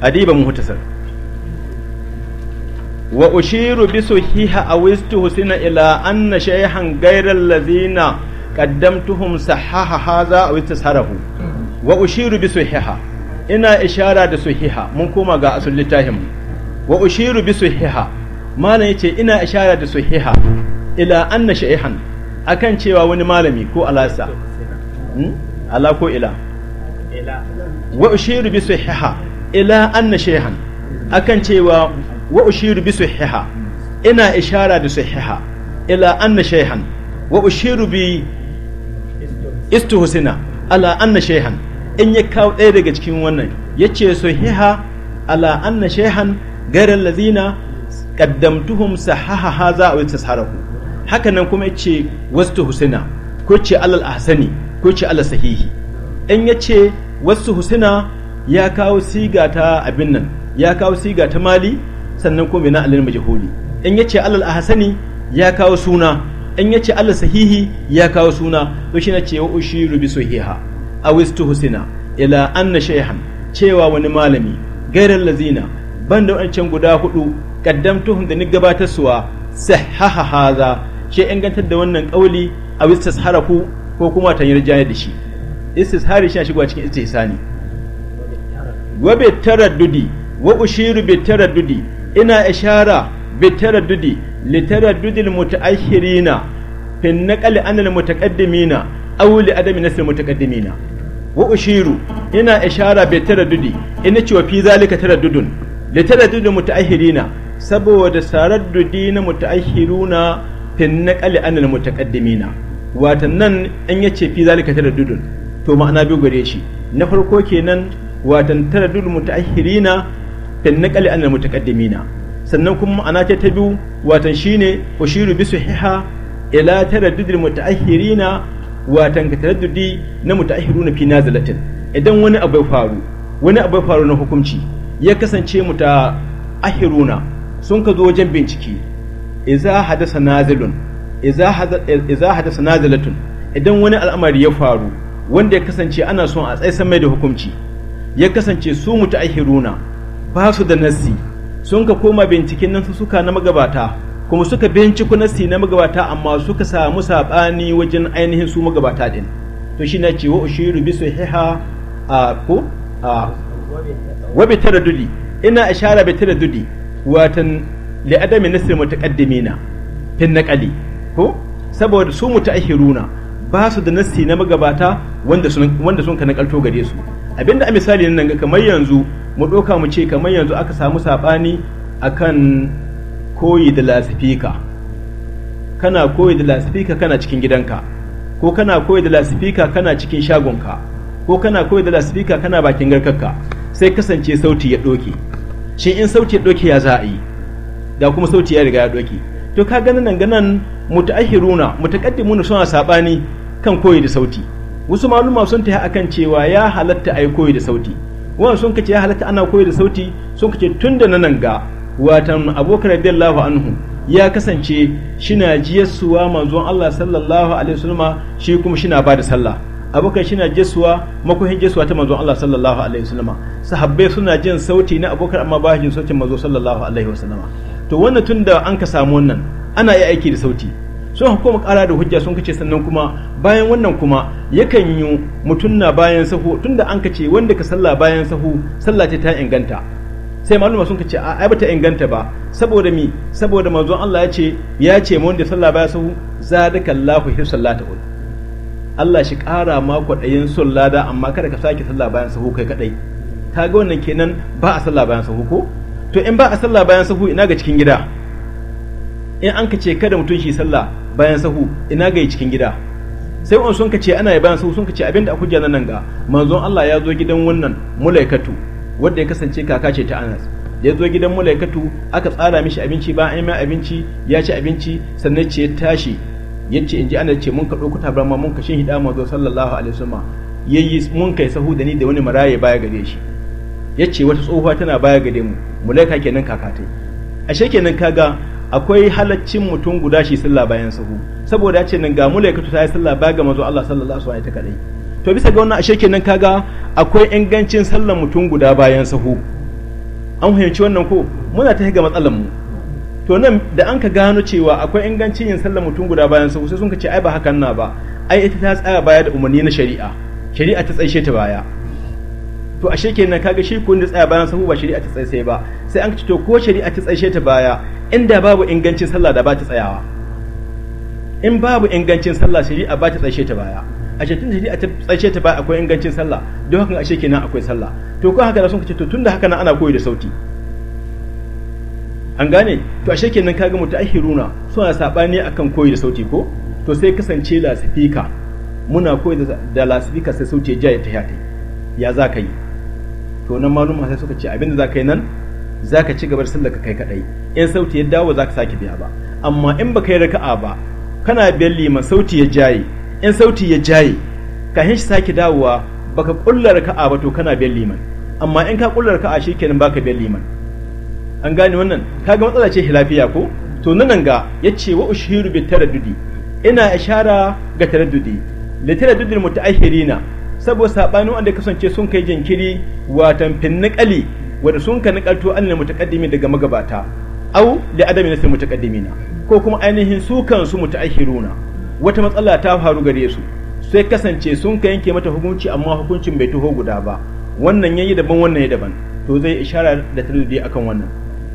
adiba muhtasar wa ushiru bi sahiha awistu husina ila anna shayhan ghayra allazina qaddamtuhum sahaha hadha aw tasarahu wa ushiru bi sahiha ina ishara da sahiha mun koma ga asul litahim wa ushiru bi sahiha malam yace ina ishara da sahiha ila anna shayhan akan cewa wani malami ko alasa hmm? ala ko ila wa ushiru bi sahiha ila anna shehan akan cewa wa ushiru bi sahiha ina ishara da sahiha ila anna shehan wa ushiru bi istuhsina ala anna shehan in ya kawo ɗaya daga cikin wannan ya ce sahiha ala anna shehan garin lazina kaddamtuhum sahaha za a wata saharahu hakanan kuma kuma ce wasu husina ko ce alal ahsani ko ce alal sahihi in ya ce wasu husina ya kawo siga ta abin nan ya kawo siga ta mali sannan kuma bina alil majhuli in yace alal ahsani ya kawo suna in yace alal sahihi ya kawo suna to shi na ce wa ushiru bi sahiha awistu husina ila anna shayhan cewa wani malami gairar lazina banda da wancan guda hudu kaddamtuhum da ni gabatar suwa sahaha haza shi ingantar da wannan kauli a wista ko kuma ta yi da shi istishari shi shigowa cikin istisani wa bitaraddudi wa ushiru bitaraddudi ina ishara bitaraddudi litaraddudil mutaakhirina fi naqli an al mutaqaddimina aw li adami nasl mutaqaddimina wa ushiru ina ishara bitaraddudi ina cewa fi zalika taraddudun litaraddudil mutaakhirina saboda saraddudi na mutaakhiruna fi naqli an al mutaqaddimina watan nan in yace fi zalika taraddudun to ma'ana biyu gure shi na farko kenan watan taradul mutaahirina fil naqli an mutaqaddimina sannan kuma ma'ana ce ta biyu watan shine ushiru bi sahiha ila taraddudil mutaahirina watan ka taraddudi na mutaahiruna fi nazalatin idan wani abu faru wani abu faru na hukunci ya kasance muta'ahhiruna sun ka zo wajen bincike idza hadasa nazilun idza hadasa nazilatun idan wani al'amari ya faru wanda ya kasance ana son a tsaye mai da hukunci ya kasance su hiruna ba su da nassi sun ka koma binciken nan suka na magabata kuma suka binciko nassi na magabata amma suka samu sabani wajen ainihin su magabata din to shi na ce wa ushiru bi sahiha a ko a wa bi taraddudi ina ishara bi taraddudi watan li adami nasr mutaqaddimina fin naqali ko saboda su hiruna. ba su da nasti na magabata wanda sun ka nakalto gare su abinda a misali nan ga kamar yanzu mu doka mu ce kamar yanzu aka samu sabani akan koyi da lasifika kana koyi da lasifika kana cikin gidanka ko kana koyi da lasifika kana cikin shagonka ko kana koyi da lasifika kana bakin garkarka sai kasance sauti ya doke shin in sauti ya doke ya za a yi da kuma sauti ya riga ya doke to ka ganin nan ganan mutaakhiruna mutaqaddimuna suna sabani kan koyi da sauti wasu maluma sun ta akan cewa ya halatta ai koyi da sauti wannan sun kace ya halatta ana koyi da sauti sun kace tunda nan ga watan abokan radiyallahu anhu ya kasance shina jiyasuwa manzon Allah sallallahu alaihi wasallam shi kuma shina bada sallah abokan shina jesuwa makuhin jesuwa ta manzon Allah sallallahu alaihi wasallam sahabbai suna jin sauti na abokan amma ba jin sautin manzo sallallahu alaihi wasallam to wannan tun da an ka samu wannan ana iya aiki da sauti sun hukuma kara da hujja sun kace sannan kuma bayan wannan kuma yakan yi mutum na bayan sahu da an kace wanda ka sallah bayan sahu sallah ta inganta sai maluma sun kace a ai bata inganta ba saboda mi saboda manzo Allah ya ce ya ce mu wanda sallah bayan sahu Allahu hi ul Allah shi kara ma kwaɗayin son lada amma kada ka sake sallah bayan sahu kai kadai kaga wannan kenan ba a sallah bayan sahu ko to in ba a sallah bayan sahu ina ga cikin gida in an ka ce kada mutum shi sallah bayan sahu ina ga cikin gida sai wani sun ka ce ana bayan sahu sun ka ce abinda a kujja nan ga manzon Allah ya zo gidan wannan mulaikatu wanda ya kasance kaka ce ta Anas ya zo gidan mulaikatu aka tsara mishi abinci ba an yi mai abinci ya ci abinci sannan ce tashi ya ce in ji ana ce mun ka ɗauko tabarma mun ka shin hida mazo sallallahu alaihi wasallam yayi mun kai sahu da ni da wani maraye baya gare shi ya ce wata tsohuwa tana baya gare mu mulaika kenan kakatai ashe kenan kaga akwai halaccin mutum guda shi sallah bayan sahu saboda ya ce nan ga mulaika ta yi sallah baya ga manzo Allah sallallahu alaihi wasallam ta kadai to bisa ga wannan ashe kenan kaga akwai ingancin sallar mutum guda bayan sahu an fahimci wannan ko muna ta ga matsalar mu to nan da an ka gano cewa akwai ingancin yin sallar mutum guda bayan sahu sai sun ka ce ai ba hakan na ba ai ita ta tsaya baya da umarni na shari'a shari'a ta tsaishe ta baya to ashe kenan kaga shi kun da tsaya bayan sahu ba shari'a ta tsaye ba sai an ce to ko shari'a ta tsaye ta baya inda babu ingancin sallah da ba ta tsayawa in babu ingancin sallah shari'a ba ta tsaye ta baya ce tun shari'a ta tsaye ta baya akwai ingancin sallah don haka ashe kenan akwai sallah to ko haka da sun ce to tunda haka nan ana koyi da sauti an gane to ashe kenan kaga mutahiruna suna sabani akan koyi da sauti ko to sai kasance lasifika muna koyi da lasifika sai sauti ya ta ya za ka yi to nan maluma sai suka ce abinda za ka yi nan za ka ci gaba da sallar ka kai kadai in sauti ya dawo za ka sake biya ba amma in baka yi raka'a ba kana biyan liman sauti ya jaye in sauti ya jaye kafin shi sake dawowa baka kulla raka'a ba to kana biyan liman amma in ka kulla raka'a shikenan baka biyan liman an gane wannan kaga matsala ce hilafiya ko to nan ga yace wa ushiru bi taraddudi ina ishara ga taraddudi li taraddudil mutaahirina saboda sabanin wanda kasance sun kai jinkiri watan finniqali wanda sun ka an ne mutakaddimi daga magabata au li adami nasl na ko kuma ainihin su kansu mutaakhiruna wata matsala ta faru gare su sai kasance sun ka yanke mata hukunci amma hukuncin bai taho guda ba wannan yayi daban wannan ya daban to zai ishara da tarudi akan wannan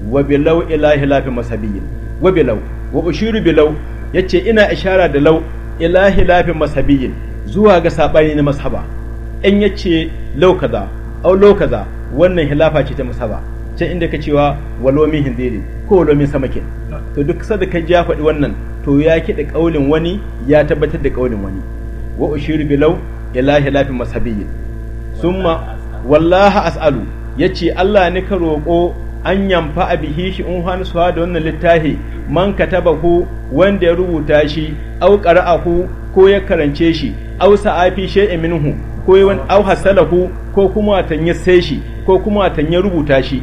wa bilau ilahi lafi masabiyin wa bilaw wa ushiru bilaw yace ina ishara da lau ilahi lafi masabiyin zuwa ga sabani na mashaba in ya ce laukaza au laukaza wannan hilafa ce ta musaba can inda ka cewa walomin min hindiri ko walomin min samakin to duk sada ka ji ya faɗi wannan to ya kiɗa ƙaunin wani ya tabbatar da ƙaunin wani wa ushiru bilau ila hilafin mashabiyyin summa wallaha as'alu ya ce, Allah ni ka roƙo an yamfa a bihi shi in hannu suwa da wannan littafi man kataba ku wanda ya rubuta shi au ƙara'ahu ko ya karance shi au sa'afi shay'in minhu ko yi wani au hasalahu ko kuma watan ya sai shi ko kuma watan ya rubuta shi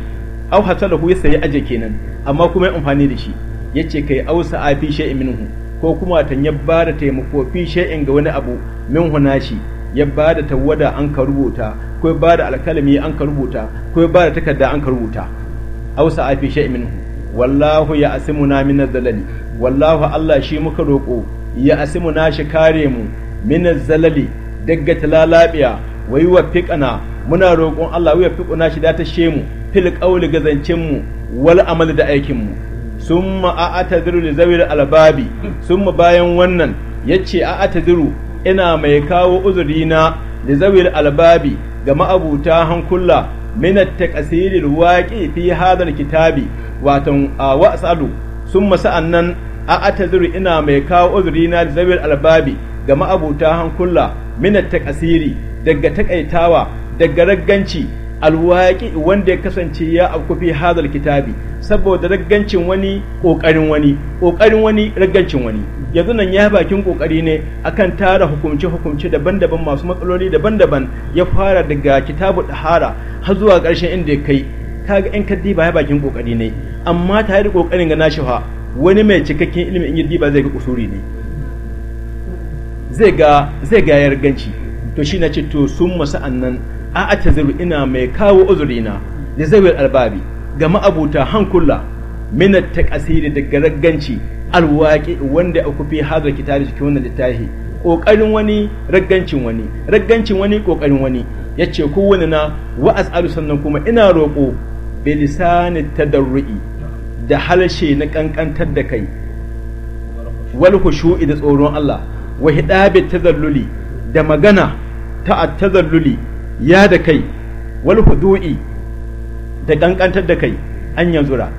au hasalahu ya sayi aje kenan amma kuma ya amfani da shi Ya ka kai au sa'a sa'afi min minhu ko kuma watan ya bada taimako fi shay'in ga wani abu minhu nashi ya bada tawada an ka rubuta ko ya bada alkalami an ka rubuta ko ya bada takarda an ka rubuta au sa'a sa'afi min minhu wallahu ya na min zalali wallahu Allah shi muka roƙo ya na shi kare mu min zalali ta lalabiya wayu wa fiqana muna roƙon Allah wa fiquna shi da ta shemu fil qawli gazancin mu wal amali da aikin mu summa a'tadiru li zawil albabi summa bayan wannan yace a'tadiru ina mai kawo uzurina da zawil albabi ga ma'abuta hankula minat taqsiril waqi fi hadal kitabi watan a wa'salu summa sa'annan a'tadiru ina mai kawo uzurina da zawil albabi ga ma'abuta hankula minat takasiri daga takaitawa daga ragganci alwaƙi wanda ya kasance ya akufi hadal kitabi saboda raggancin wani ƙoƙarin wani ƙoƙarin wani raggancin wani yanzu nan ya bakin ƙoƙari ne akan tara hukumce-hukumce daban-daban masu matsaloli daban-daban ya fara daga kitabu hara har zuwa ƙarshen inda ya kai kaga in kaddi ba ya bakin ƙoƙari ne amma tare da ƙoƙarin ga nashi wani mai cikakken ilimin in ba zai ga kusuri ne zai ga yarganci to shi na ce to sun masu annan a ataziru ina mai kawo uzurina da zawil albabi ga ma'abuta hankula ta ƙasiri daga garganci alwaƙi wanda aku fi ki tare cikin wannan littafi Ƙoƙarin wani raggancin wani raggancin wani ƙoƙarin wani yace wani na wa alu sannan kuma ina roƙo bilisani tadarru'i da halshe na ƙanƙantar da kai wal khushu'i da tsoron Allah wa ta tazalluli da magana ta tazalluli ya da kai wal hudu'i da kankantar da kai an yanzura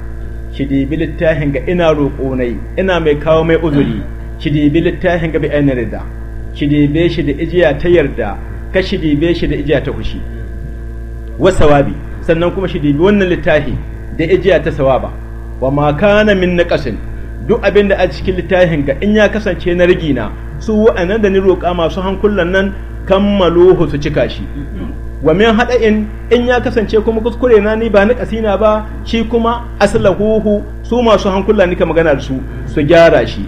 ki dibi littahin ga ina roƙo nai ina mai kawo mai uzuri ki bi littafin ga bi ainihin rida ki dibe shi da ijiya ta yarda ka shi dibe shi da ijiya ta kushi wa sawabi sannan kuma shi dibi wannan littahi da ijiya ta sawaba wa ma kana min naqasin duk abin da a cikin littahin ga in ya kasance na rigina su waɗannan da ni roƙa masu hankulan nan kammaluhu su cika shi wa min haɗa'in in ya kasance kuma kuskure na ni ba na kasina ba shi kuma huhu su masu hankula nika magana da su su gyara shi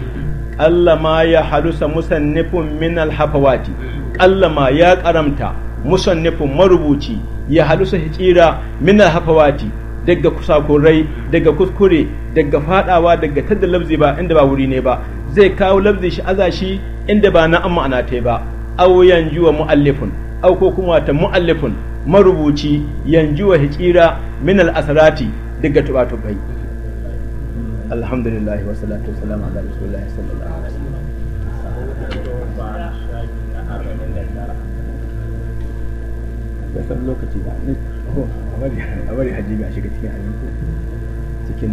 Allah ma ya halusa musannifin min alhafawati Allah ma ya karamta musannifin marubuci ya halusa hijira min alhafawati daga kusakurai daga kuskure daga fadawa daga tadda labzi ba inda ba wuri ne ba zai kawo lafzin shi aza shi inda ba na an ma'ana ta ba au yanju wa mu'allifun au ko kuma ta mu'allifun marubuci yanju wa hikira min al asrati daga tubatu bai alhamdulillah wa salatu wa salam ala rasulillah sallallahu alaihi wasallam bai san lokaci ko oh, a bari a bari hajji ga shiga cikin cikin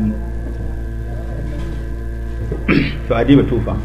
所以，这个 地方。